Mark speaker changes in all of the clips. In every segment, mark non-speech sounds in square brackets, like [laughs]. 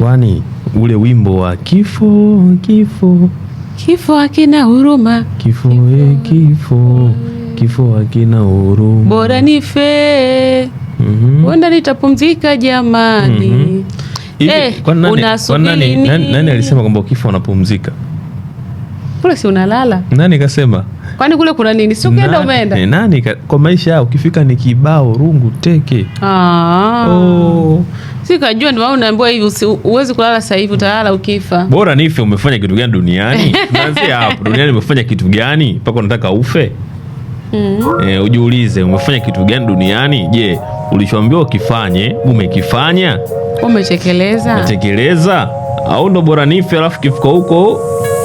Speaker 1: kwani ule wimbo wa kifo kifo
Speaker 2: kifo hakina huruma
Speaker 1: kifo eh, kifo kifo, kifo hakina huruma
Speaker 2: bora nife mm -hmm. onda nitapumzika jamani mm
Speaker 1: -hmm. eh, nani alisema kwamba kifo anapumzika
Speaker 2: Kule si unalala.
Speaker 1: Nani kasema?
Speaker 2: Kwani kule kuna nini? Si ukienda umeenda
Speaker 1: eh, nani? Kwa maisha ukifika ni kibao rungu teke.
Speaker 2: Ah. Oh. Si kajua ndio unaambiwa hivi, huwezi kulala sasa hivi, utalala ukifa.
Speaker 1: Bora nife. Umefanya kitu gani duniani? Naanzia [laughs] hapo, duniani umefanya kitu gani mpaka unataka ufe? Mm. E, ujiulize umefanya kitu gani duniani? Je, ulichoambiwa ukifanye umekifanya?
Speaker 2: Umetekeleza?
Speaker 1: Umetekeleza au ndo bora nife, alafu kifika huko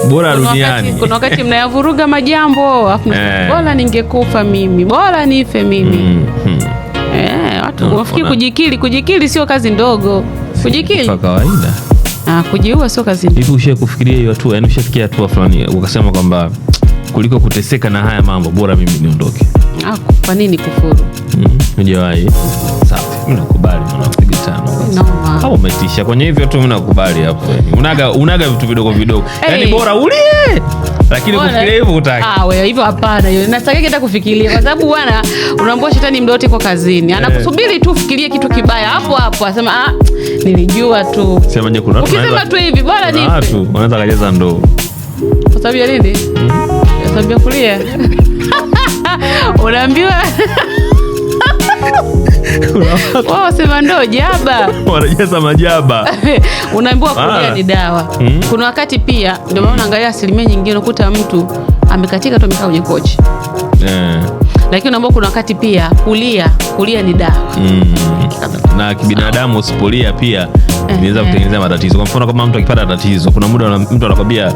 Speaker 1: bora duniani.
Speaker 2: Kuna wakati mnayavuruga majambo afu eh, bora ningekufa mimi, bora nife mimi mm -hmm. eh, watu wafikiri kujikili, kujikili sio kazi ndogo, kujikili
Speaker 1: kwa kawaida
Speaker 2: ah, kujiua sio kazi
Speaker 1: ndogo. Hivi kufikiria hiyo hatua? Yani ushafikia hatua fulani ukasema kwamba kuliko kuteseka na haya mambo bora mimi niondoke?
Speaker 2: Ah, kwa nini kufuru?
Speaker 1: Mm, hujawahi? Safi, mimi nakubali. Ah. kama umetisha kwenye hivyo tu, nakubali hapo. Unaga unaga vitu vidogo vidogo, yaani bora ulie, lakini kufikiria hivyo utaki.
Speaker 2: Ah, wewe hivyo hapana, nastaki hata kufikiria, kwa sababu bwana, unaambia shetani mdote kwa kazini, anakusubiri tu ufikirie kitu kibaya hapo hapo, asema ah, nilijua tu. Sema nje kuna watu wanaweza tu hivi, bora nipe watu
Speaker 1: wanaweza kajeza ndoo
Speaker 2: kwa sababu ya nini? Hmm? Kwa sababu ya kulia [laughs] [laughs] unaambiwa [laughs] wao wasema ndo jaba
Speaker 1: [laughs] wanajaza majaba
Speaker 2: [laughs] unaambiwa ah. kulia ni dawa hmm? Kuna wakati pia ndio maana unaangalia asilimia nyingine unakuta mtu amekatika tu amekaa kwenye kochi yeah. Lakini unaambiwa kuna wakati pia kulia kulia ni dawa mm.
Speaker 1: Na kibinadamu usipolia pia eh, inaweza eh, kutengeneza matatizo. Kwa mfano kama mtu akipata tatizo, kuna muda mtu anakwambia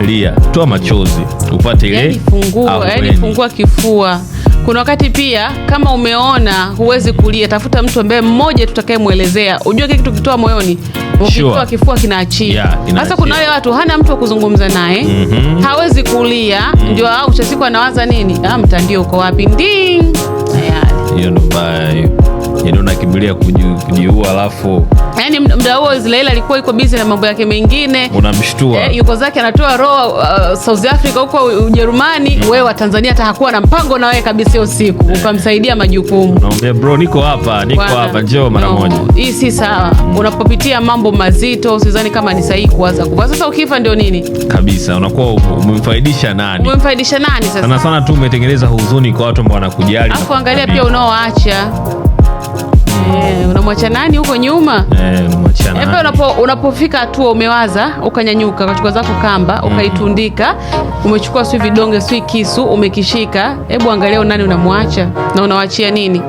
Speaker 1: lia, toa machozi upate yaani
Speaker 2: ile, yani fungua, yani fungua kifua kuna wakati pia kama umeona huwezi kulia, tafuta mtu ambaye mmoja tutakayemwelezea. Ujue kile kitu kitoa moyoni ukitoa kifua kinaachia. Yeah, kuna wale watu hana mtu wa kuzungumza naye mm -hmm. hawezi kulia mm -hmm. ndio au cha siku anawaza nini, ah, mtandio uko wapi? Ndii
Speaker 1: hiyo ndio yani unakimbilia kujiua, alafu
Speaker 2: yani mda huo Israel alikuwa iko busy na mambo yake mengine,
Speaker 1: unamshtua
Speaker 2: eh, yuko zake anatoa roho uh, South Africa huko Ujerumani. mm. Wewe wa Tanzania hata hakuwa na mpango na wewe kabisa hiyo siku eh, ukamsaidia majukumu.
Speaker 1: Unaambia bro, niko hapa, niko hapa, njoo mara moja.
Speaker 2: Hii si sawa. mm. Unapopitia mambo mazito usizani kama ni sahihi kuanza kwa sasa. Ukifa ndio nini
Speaker 1: kabisa, unakuwa umemfaidisha nani?
Speaker 2: Umemfaidisha nani sasa?
Speaker 1: Sana sana tu umetengeneza huzuni kwa watu ambao wanakujali,
Speaker 2: alafu angalia pia unaoacha Eh, unamwacha nani huko nyuma?
Speaker 1: Eh, unamwacha eh, nani?
Speaker 2: Hebu unapo unapofika hatua umewaza, ukanyanyuka, ukachukua zako kamba, mhm. ukaitundika, umechukua sio vidonge, sio kisu, umekishika. Hebu angalia nani unamwacha na unawachia nini?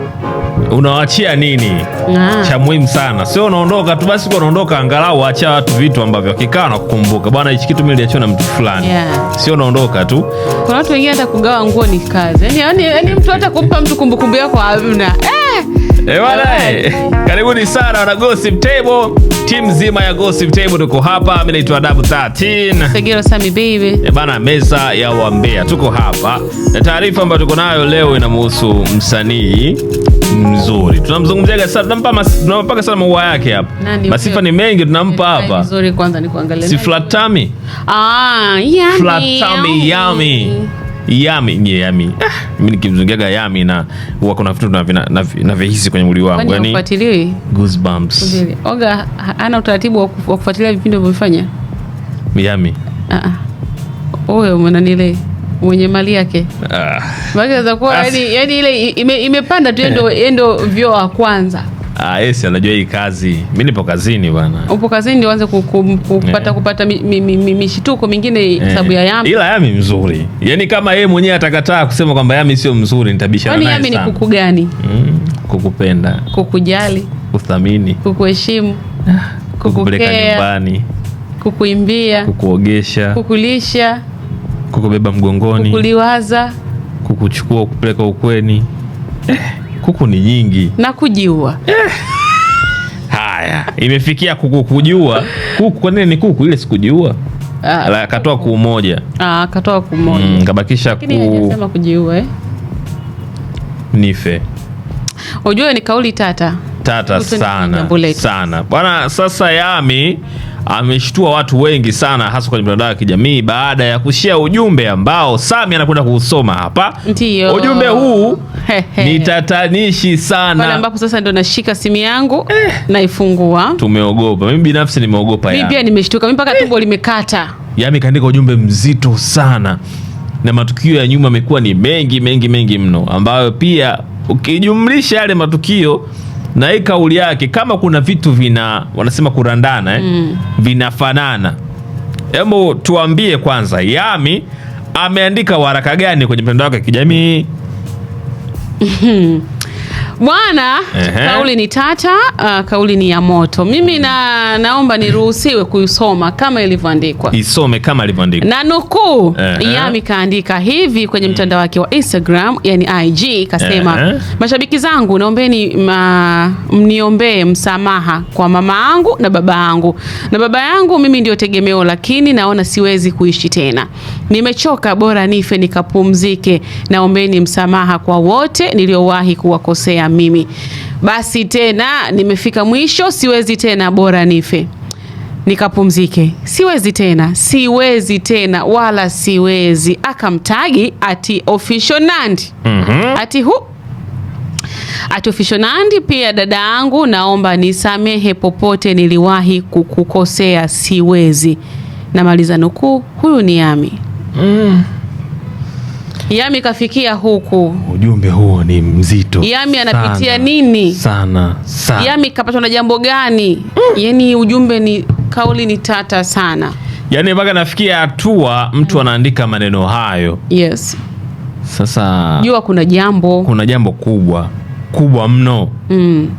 Speaker 1: Unawachia nini ah. cha muhimu sana, sio unaondoka tu basi. Kwa unaondoka, angalau acha watu vitu ambavyo wakikaa na kukumbuka, bwana, hichi kitu mimi niliachiwa na mtu fulani, yeah. Sio unaondoka tu.
Speaker 2: Kuna watu wengine hata kugawa nguo ni kazi, yani yani yaani mtu hata kumpa mtu kumbukumbu yako hamna eh!
Speaker 1: Ewana, eh, eh. karibuni sana wana Gossip Table, timu nzima ya Gossip Table tuko hapa. Mimi naitwa Dabu 13.
Speaker 2: Fegero Sami baby.
Speaker 1: E bana, meza ya wambea tuko hapa na taarifa ambayo tuko nayo leo inamhusu msanii mzuri tunamzungumziaga sana, tunampaka sana maua yake hapa. Masifa ni mengi tunampa hapa. Mzuri kwanza ni kuangalia. Si Flatami.
Speaker 2: Ah, yami.
Speaker 1: Flatami yami. Yami je, Yami ah, mimi nikimzungiaga Yami na huwa kuna vitu navihisi kwenye mwili wangu,
Speaker 2: yani
Speaker 1: goosebumps.
Speaker 2: Oga ana utaratibu wa kufuatilia vipindi vinavyofanya
Speaker 1: Yami. Ah
Speaker 2: ah, wewe mwananile mwenye mali yake ah. Maana zakuwa yani, yani ile imepanda ime tu, ndio ndio vyo wa kwanza
Speaker 1: Ah, yes, anajua hii kazi. Mimi nipo kazini bwana.
Speaker 2: Upo kazini ndio anze kupata eh. kupata mishituko mingine sababu ya eh. Yami.
Speaker 1: Ila Yami mzuri. Yaani kama yeye mwenyewe atakataa kusema kwamba Yami sio mzuri nitabisha naye. Kwani
Speaker 2: Yami ni kuku gani? Mm,
Speaker 1: kukupenda,
Speaker 2: kukujali,
Speaker 1: kuthamini,
Speaker 2: kukuheshimu, ah,
Speaker 1: kukupeleka nyumbani,
Speaker 2: kukuimbia,
Speaker 1: kukuogesha,
Speaker 2: kukulisha,
Speaker 1: kukubeba mgongoni,
Speaker 2: kukuliwaza,
Speaker 1: kukuchukua kupeleka ukweni. Eh kuku ni nyingi
Speaker 2: na kujiua eh.
Speaker 1: Haya, imefikia kuku kujua kuku. Kwa nini ni kuku? Ile sikujiua ah. akatoa kuu moja,
Speaker 2: ah, akatoa kuu moja mm, kabakisha ku... kujiua eh? nife Ujue ni kauli tata
Speaker 1: tata sana sana bwana. Sasa Yami ameshtua watu wengi sana, hasa kwenye mitandao ya kijamii baada ya kushia ujumbe ambao Sami anakwenda kuusoma hapa. Ndio ujumbe huu nitatanishi sana
Speaker 2: pale ambapo sasa ndo nashika simu yangu eh, naifungua.
Speaker 1: Tumeogopa, mimi binafsi nimeogopa.
Speaker 2: Mimi pia nimeshtuka, mimi mpaka eh, tumbo limekata.
Speaker 1: Yami kaandika ujumbe mzito sana, na matukio ya nyuma amekuwa ni mengi mengi mengi mno, ambayo pia ukijumlisha yale matukio na hii kauli yake, kama kuna vitu vina wanasema kurandana eh, mm, vinafanana. Hebu tuambie kwanza, Yami ameandika waraka gani kwenye mtandao wake kijamii? 嗯
Speaker 2: 哼。Bwana, kauli ni tata, uh, kauli ni ya moto. Mimi na, naomba niruhusiwe kuisoma kama ilivyoandikwa.
Speaker 1: Isome kama ilivyoandikwa.
Speaker 2: Na nukuu, yami kaandika hivi kwenye mtandao wake wa Instagram, yani IG, kasema mashabiki zangu, naombeni ma, uh, mniombee msamaha kwa mama yangu na baba yangu na baba yangu, mimi ndio tegemeo, lakini naona siwezi kuishi tena, nimechoka, bora nife nikapumzike. Naombeni msamaha kwa wote niliowahi kuwakosea kutegemea mimi. Basi tena nimefika mwisho, siwezi tena, bora nife nikapumzike, siwezi tena, siwezi tena, wala siwezi. Akamtagi ati official Nandy mm -hmm. ati hu ati official Nandy, pia dada yangu, naomba nisamehe popote niliwahi kukukosea, siwezi. Namaliza nukuu, huyu ni Ami mm. Yami kafikia huku,
Speaker 1: ujumbe huo ni mzito.
Speaker 2: Yami anapitia sana, nini
Speaker 1: sana,
Speaker 2: sana. Yami kapatwa na jambo gani? mm. Yani ujumbe ni kauli ni tata sana,
Speaker 1: yani mpaka nafikia hatua mtu anaandika maneno hayo. Yes, sasa
Speaker 2: jua kuna jambo,
Speaker 1: kuna jambo kubwa kubwa mno mm.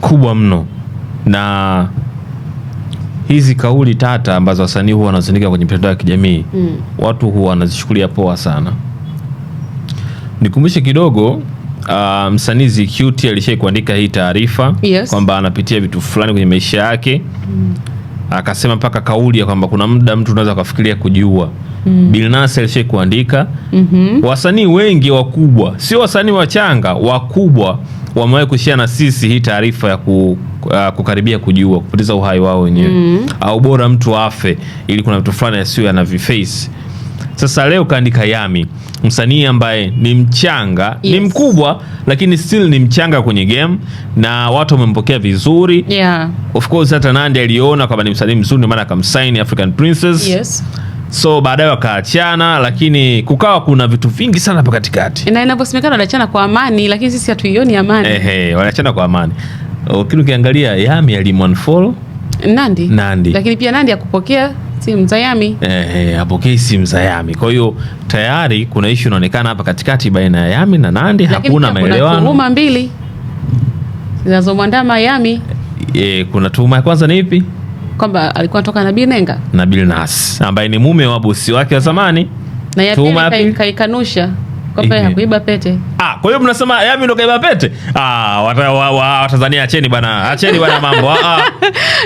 Speaker 1: kubwa mno na hizi kauli tata ambazo wasanii huwa wanazindika kwenye mitandao ya kijamii mm. watu huwa wanazichukulia poa sana. Nikumbushe kidogo uh, msanii ZQT alishai kuandika hii taarifa yes. kwamba anapitia vitu fulani kwenye maisha yake mm. akasema mpaka kauli ya kwamba kuna muda mtu unaweza kufikiria kujiua. Mm. Bilnas alishai kuandika mm -hmm. wasanii wengi wakubwa, sio wasanii wachanga, wakubwa wamewahi kushia na sisi hii taarifa ya ku, uh, kukaribia kujiua kupoteza uhai wao wenyewe mm. au bora mtu afe ili kuna vitu fulani asiyo anaviface. Sasa leo kaandika Yami, msanii ambaye ni mchanga yes. ni mkubwa lakini still ni mchanga kwenye game na watu wamempokea vizuri yeah. of course hata Nandy aliona kwamba ni msanii mzuri, ndio maana akamsign African Princess yes so baadaye wakaachana, lakini kukawa kuna vitu vingi sana hapa katikati,
Speaker 2: na inavyosemekana waliachana kwa amani, lakini sisi hatuioni amani.
Speaker 1: Ehe, waliachana kwa amani, lakini ukiangalia Yami alimunfollow Nandi. Nandi.
Speaker 2: Lakini pia Nandi akupokea simu za Yami
Speaker 1: eh, apokei simu za Yami. Kwa hiyo tayari kuna issue inaonekana hapa katikati baina ya Yami na Nandi, hakuna maelewano.
Speaker 2: Kuna Tuhuma mbili zinazomwandama Yami
Speaker 1: eh, kuna tuhuma ya kwanza ni ipi?
Speaker 2: kwamba alikuwa anatoka na Binenga
Speaker 1: na Bilnas ambaye ni mume wa bosi wake wa zamani,
Speaker 2: na yapi kaikanusha kwamba hakuiba pete.
Speaker 1: Ah, kwa hiyo mnasema Yami ndo kaiba pete? Ah, Watanzania acheni bana, acheni bana mambo. Ah, ah.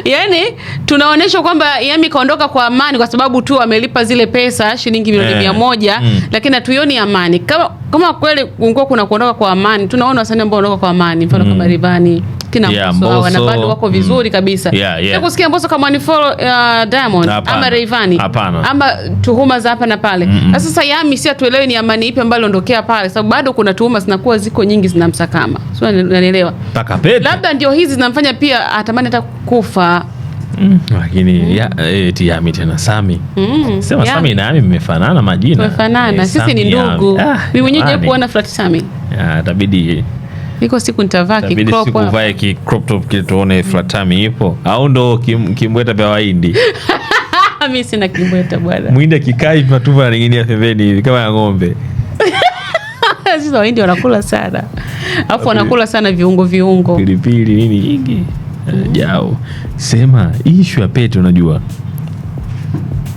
Speaker 2: [laughs] yaani tunaonyesha kwamba Yami kaondoka kwa amani kwa sababu tu amelipa zile pesa shilingi milioni eh. mia mm, lakini hatuioni amani kama kama kweli ungekuwa kuna kuondoka kwa amani, tunaona wasanii ambao wanaondoka kwa amani, mfano mm. kama Rivani kina yeah, na bado wako mm. vizuri mm. kabisa yeah, yeah. Kusikia Mbosso kama ni follow uh, Diamond Apana. ama Rayvanny ama tuhuma za hapa na pale mm. Sasa Yami si atuelewe ni amani ipi ambayo aliondokea pale, sababu bado kuna tuhuma zinakuwa ziko nyingi zinamsakama, sio? Unanielewa? Labda ndio hizi zinamfanya pia atamani hata kufa
Speaker 1: Mm. Lakini mm. ya, eh, eti Yami tena Sami mm. Sema yeah. Sami na Yami mmefanana majina,
Speaker 2: tumefanana eh, sisi ni ndugu. Mimi ah, mwenyewe yaani. kuona flat Sami
Speaker 1: itabidi
Speaker 2: iko siku nitavaa ki crop Itabidi
Speaker 1: siku vae crop top kile tuone flat Sami ipo au ndo kim, kimbweta vya Wahindi
Speaker 2: mimi [laughs] sina kimbweta bwana,
Speaker 1: Mwindi akikaa hivi matupa ananing'inia pembeni hivi kama ya ng'ombe
Speaker 2: [laughs] sisi Wahindi wanakula sana, alafu wanakula sana viungo viungo,
Speaker 1: pilipili nini nyingi jao sema ishu ya pete, unajua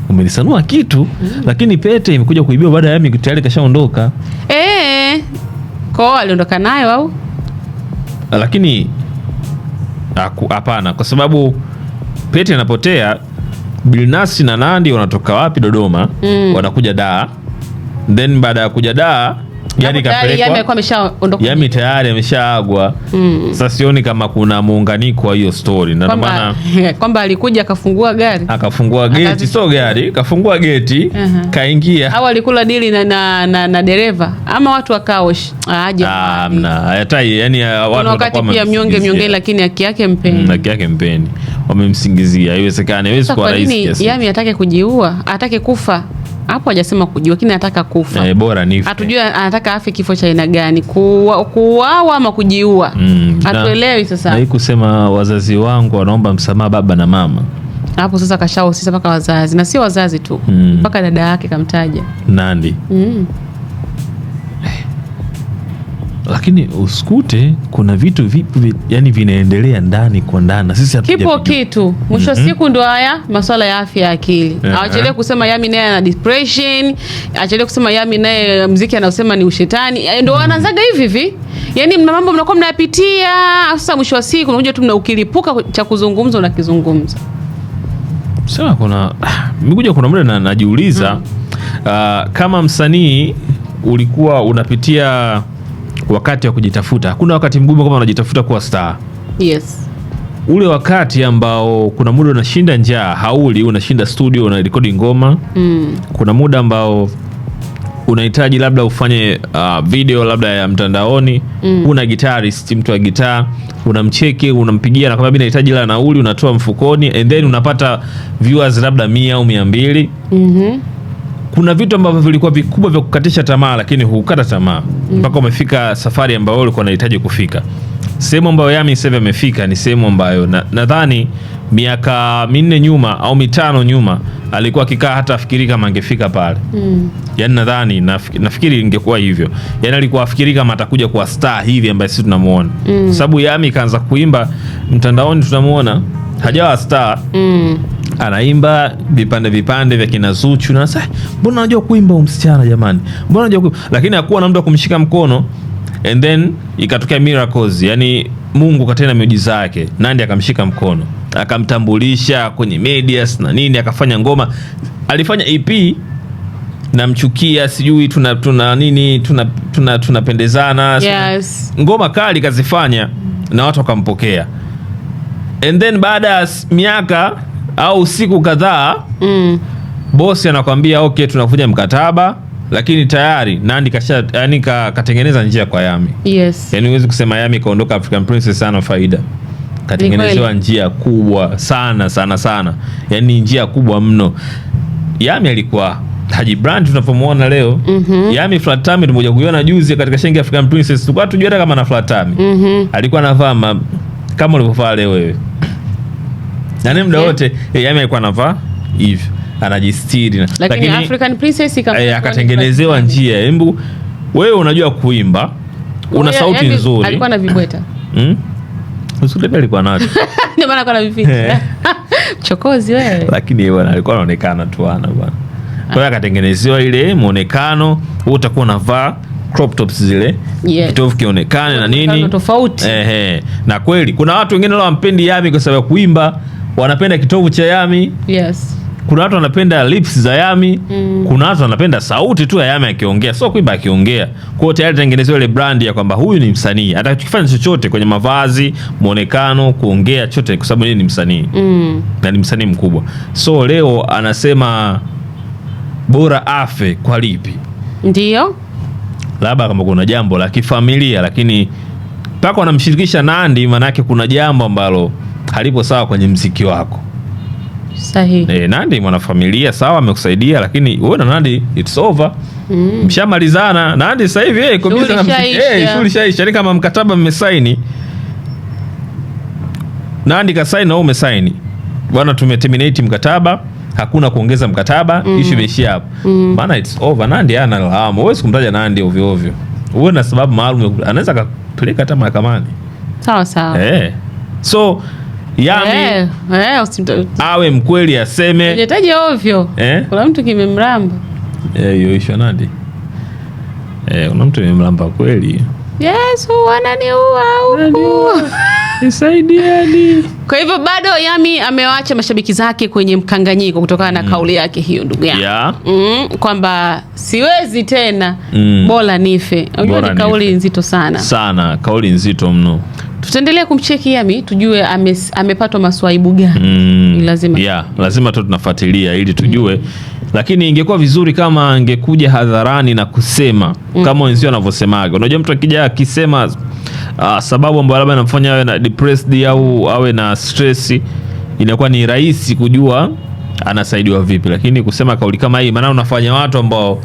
Speaker 1: umelisanua kitu mm. Lakini pete imekuja kuibiwa baada ya Yami tayari kashaondoka
Speaker 2: e, eh, kwao aliondoka nayo au?
Speaker 1: Lakini hapana, kwa sababu pete inapotea Bilnasi na Nandi wanatoka wapi? Dodoma mm. wanakuja Daa, then baada ya kuja Daa yani yaani tayari ameshaagwa. Mm. Sasa sioni kama kuna muunganiko wa hiyo stori, na maana
Speaker 2: [laughs] kwamba alikuja akafungua gari
Speaker 1: akafungua geti, sio gari, kafungua geti uh -huh. Kaingia
Speaker 2: au alikula dili na, na, na, na dereva ama watu wakaosh ah, aje
Speaker 1: hata yani uh,
Speaker 2: watu wakati pia mnyonge mnyonge, lakini haki yake mpeni, mm,
Speaker 1: haki yake mpeni, wamemsingizia haiwezekani, haiwezi kuwa rahisi.
Speaker 2: Yami atake kujiua atake kufa hapo hajasema kujua, lakini anataka kufa.
Speaker 1: Eh, bora nife.
Speaker 2: Hatujui anataka afe kifo cha aina gani, kuuawa ama kujiua. Mm, hatuelewi sasa.
Speaker 1: Na hii kusema wazazi wangu wanaomba msamaha baba na mama
Speaker 2: hapo sasa kashahusisha mpaka wazazi na sio wazazi tu mm. mpaka mm. dada yake kamtaja
Speaker 1: Nandi mm lakini usikute kuna vitu vipi vi, yani vinaendelea ndani kwa ndani, sisi kipo
Speaker 2: kitu mwisho mm -hmm. siku ndo haya masuala ya afya ya akili yeah. Awachelee kusema Yami naye ana depression, achelee kusema Yami naye mziki anaosema ni ushetani, eh, ndo mhm. wanaanzaga hivi hivi yani mna mambo mnakuwa mnayapitia. Sasa mwisho wa siku unakuja tu ukilipuka cha kuzungumza unakizungumza
Speaker 1: sema. Kuna mikuja kuna muda najiuliza mm. uh, kama msanii ulikuwa unapitia wakati wa kujitafuta. Kuna wakati mgumu kama unajitafuta kuwa star. Yes. Ule wakati ambao kuna muda unashinda njaa, hauli, unashinda studio, unarekodi ngoma mm. Kuna muda ambao unahitaji labda ufanye uh, video labda ya mtandaoni mm. Una guitarist, mtu wa gitaa, unamcheki, unampigia na kama mimi nahitaji la nauli, unatoa mfukoni and then unapata viewers labda mia au mia mbili mm -hmm kuna vitu ambavyo vilikuwa vikubwa vya kukatisha tamaa, lakini hukukata tamaa mm. mpaka mm. umefika safari ambayo ulikuwa unahitaji kufika. Sehemu ambayo Yami sasa amefika ni sehemu ambayo nadhani na miaka minne nyuma au mitano nyuma alikuwa akikaa hata afikiri kama angefika pale mm. Yani nadhani nafikiri ingekuwa hivyo, yani alikuwa afikiri kama atakuja kuwa star hivi ambaye sisi tunamuona mm. Sababu Yami kaanza kuimba mtandaoni, tunamuona hajawa star mm anaimba vipande vipande vya kina Zuchu na sasa, mbona unajua kuimba huyu msichana jamani, mbona unajua lakini hakuwa na mtu wa kumshika mkono, and then ikatokea miracles, yani Mungu katenda miujiza yake. Nandy akamshika mkono, akamtambulisha kwenye medias na nini, akafanya ngoma, alifanya EP namchukia sijui tuna, tuna nini tuna tuna, tuna yes. Ngoma kali kazifanya na watu wakampokea, and then baada ya miaka au siku kadhaa mm. Bosi anakwambia ok tunakuja mkataba, lakini tayari nandi kasha yani katengeneza njia kwa Yami. Yes. Yani huwezi kusema Yami kaondoka African Princess sana faida katengenezewa njia kubwa sana sana sana, yani njia kubwa mno. Yami alikuwa Haji Brand tunapomuona leo mm -hmm. Yami flat Flatami tumoja kuiona juzi katika Shenge African Princess, tulikuwa tujua hata kama na flat Flatami mm -hmm. alikuwa anavaa kama ulivyovaa leo wewe nani mda wote yeah. Yami alikuwa anavaa hivyo anajistiri,
Speaker 2: lakini African Princess
Speaker 1: eh, akatengenezewa njia. Hebu wewe unajua kuimba, una sauti yaani nzuri,
Speaker 2: alikuwa na vibweta [laughs] mm?
Speaker 1: Usulebe alikuwa nacho [laughs]
Speaker 2: ndio maana alikuwa na vificha eh. [laughs] chokozi wewe,
Speaker 1: lakini yeye bwana alikuwa anaonekana tu ana bwana, kwa hiyo ah. akatengenezewa ile muonekano, wewe utakuwa unavaa crop tops zile yes. Kitovu kionekane na nini tofauti, ehe. Na kweli kuna watu wengine wala wampendi Yami kwa sababu ya kuimba wanapenda kitovu cha Yami. Yes. Kuna watu wanapenda lips za Yami mm. Kuna watu wanapenda sauti tu ya Yami akiongea, sio kuimba akiongea. Kwa hiyo tayari tengenezwa ile brand ya kwamba huyu ni msanii, atakachokifanya chochote kwenye mavazi, mwonekano, kuongea chote, kwa sababu yeye ni msanii mm. na ni msanii mkubwa. So leo anasema bora afe kwa lipi, ndio labda kama kuna jambo la kifamilia, lakini mpaka wanamshirikisha Nandi, maanake kuna jambo ambalo halipo sawa kwenye mziki wako. Sahihi. E, Nandi mwanafamilia sawa, amekusaidia lakini wewe na Nandi it's over. Mm. Mshamalizana. Nandi sasa hivi yeye kabisa na mziki. Eh, shule shaisha ni kama mkataba mmesaini. Nandi kasaini na wewe umesaini. Bwana, tumeterminate mkataba. Hakuna kuongeza mkataba, mm. ishu imeishia hapo. Mm. Maana it's over. Nandi hana lawama. Wewe sikumtaja Nandi ovyo ovyo. Uwe na sababu maalum, anaweza akapeleka hata mahakamani.
Speaker 2: Sawa sawa.
Speaker 1: Eh. So Yami eh, eh, usimta, awe mkweli aseme.
Speaker 2: Unahitaji ovyo eh? Kuna mtu kimemlamba
Speaker 1: eh, yoisha nadi eh, kuna mtu kimemlamba kweli.
Speaker 2: Yesu wananiua huku
Speaker 1: nisaidieni.
Speaker 2: Kwa hivyo bado Yami amewaacha mashabiki zake kwenye mkanganyiko kutokana na mm. kauli yake hiyo, ndugu yangu
Speaker 1: yeah. mm,
Speaker 2: kwamba siwezi tena mm. bora nife. Unajua ni kauli nzito sana
Speaker 1: sana, kauli nzito mno
Speaker 2: tutaendelea kumcheki Yami tujue ame, amepatwa maswaibu gani. Mm, lazima
Speaker 1: yeah, lazima tu tunafuatilia ili mm. tujue mm. Lakini ingekuwa vizuri kama angekuja hadharani na kusema mm. kama wenzio wanavyosemaga. Unajua mtu akija akisema uh, sababu ambayo labda inamfanya awe na depressed au awe na stress, inakuwa ni rahisi kujua anasaidiwa vipi, lakini kusema kauli kama hii, maana unafanya watu ambao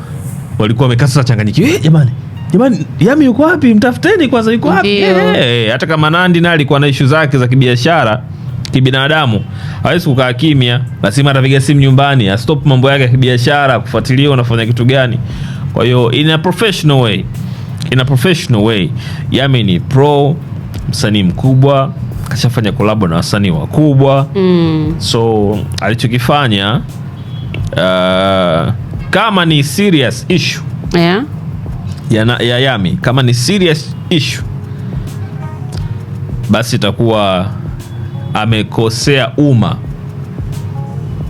Speaker 1: walikuwa wamekaa sasa changanyikiwa, eh, jamani Jamani, Yami yuko wapi? Mtafuteni kwanza, yuko wapi? Hata kama Nandi naye alikuwa na ishu zake za kibiashara, kibinadamu hawezi kukaa kimya, lazima atapiga simu nyumbani, astop mambo yake ya kibiashara, kufuatilia unafanya kitu gani. Kwa hiyo in a professional way, in a professional way, Yami ni pro msanii mkubwa, kashafanya kolabo na wasanii wakubwa mm. So alichokifanya uh, kama ni serious issue yeah ya, ya Yami kama ni serious issue, basi itakuwa amekosea umma,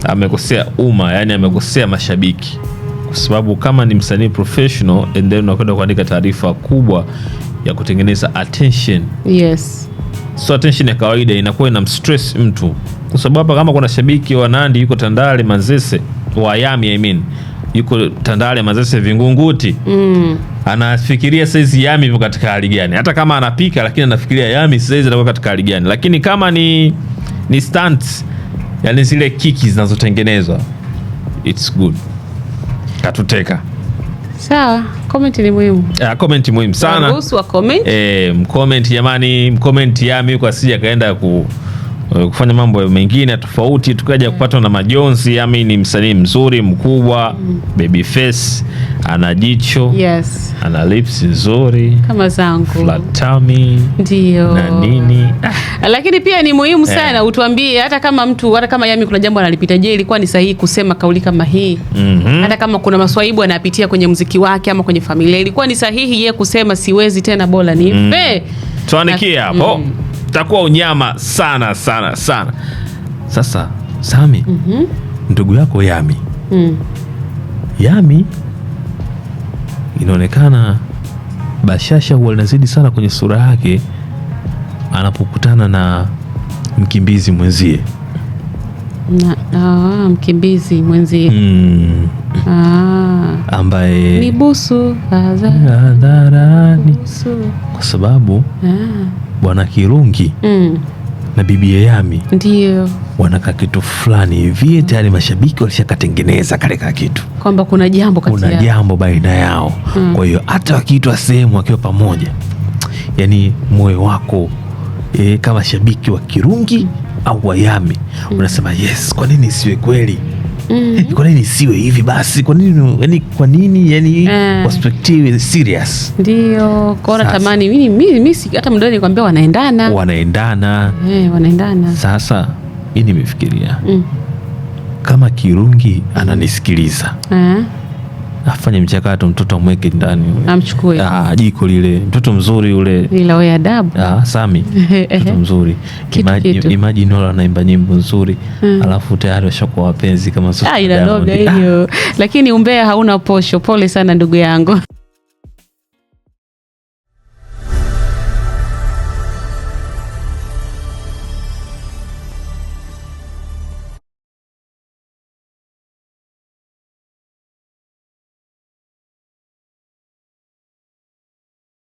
Speaker 1: amekosea umma, yani amekosea mashabiki, kwa sababu kama ni msanii professional and then unakwenda kuandika taarifa kubwa ya kutengeneza attention.
Speaker 2: Yes.
Speaker 1: So attention ya kawaida inakuwa ina mstress mtu, kwa sababu hapa kama kuna shabiki wa Nandi yuko Tandale Manzese wa Yami I mean yuko Tandale Mazese Vingunguti mm. anafikiria saizi Yami yuko katika hali gani? Hata kama anapika, lakini anafikiria Yami saizi atakuwa katika hali gani? Lakini kama ni ni stunts, yani zile kiki zinazotengenezwa it's good, katuteka
Speaker 2: Sawa, comment ni muhimu.
Speaker 1: Ah, comment muhimu sana.
Speaker 2: Ruhusu wa comment.
Speaker 1: Eh, mcomment jamani, mcomment Yami yuko asije kaenda ku Eh, kufanya mambo mengine tofauti, tukaja kupatwa na majonzi. Ami ni msanii mzuri mkubwa, baby face, ana jicho yes, ana lips nzuri kama zangu, flat tummy ndio na nini
Speaker 2: ah. Lakini pia ni muhimu eh. sana yeah, utuambie hata kama mtu hata kama Yami kuna jambo analipita, je, ilikuwa ni sahihi kusema kauli kama hii? mm -hmm. Hata kama kuna maswaibu anapitia kwenye mziki wake ama kwenye familia, ilikuwa ni sahihi yeye kusema siwezi tena, bora nife? mm.
Speaker 1: Tuandikie hapo mm utakuwa unyama sana sana sana. Sasa Sami, mm -hmm. ndugu yako Yami mm. Yami inaonekana bashasha huwa linazidi sana kwenye sura yake anapokutana na mkimbizi mwenzie
Speaker 2: na, aa, ah, mkimbizi mwenzie mm. Ah.
Speaker 1: ambaye
Speaker 2: ni busu
Speaker 1: hadharani kwa sababu ah. Bwana Kirungi mm. na Bibi Yami ndio wanaka kitu fulani hivi tayari, mashabiki walishakatengeneza kale ka kitu
Speaker 2: kwamba kuna jambo kati
Speaker 1: kuna jambo baina yao mm. kwa hiyo hata wakiitwa sehemu wakiwa pamoja, yani moyo wako e, kama shabiki wa Kirungi au wa Yami mm. unasema yes, kwa nini siwe kweli? mm. kwa nini siwe hivi basi? Kwa nini yani, kwa nini yani mm. perspective serious
Speaker 2: ndio kora tamani mimi mimi hata mdoni nikwambia, wanaendana
Speaker 1: wanaendana
Speaker 2: eh, wanaendana.
Speaker 1: Sasa mimi nimefikiria mm. kama Kirungi ananisikiliza mm afanye mchakato, mtoto amweke ndani, amchukue ah, jiko lile, mtoto mzuri ule,
Speaker 2: ila we adabu.
Speaker 1: Ah, Sami mtoto mzuri imagine, imagine wala anaimba nyimbo nzuri hmm. alafu tayari washakuwa wapenzi kama
Speaker 2: sasa. Ah, ila doga hiyo, ah. lakini umbea hauna posho. Pole sana ndugu yangu.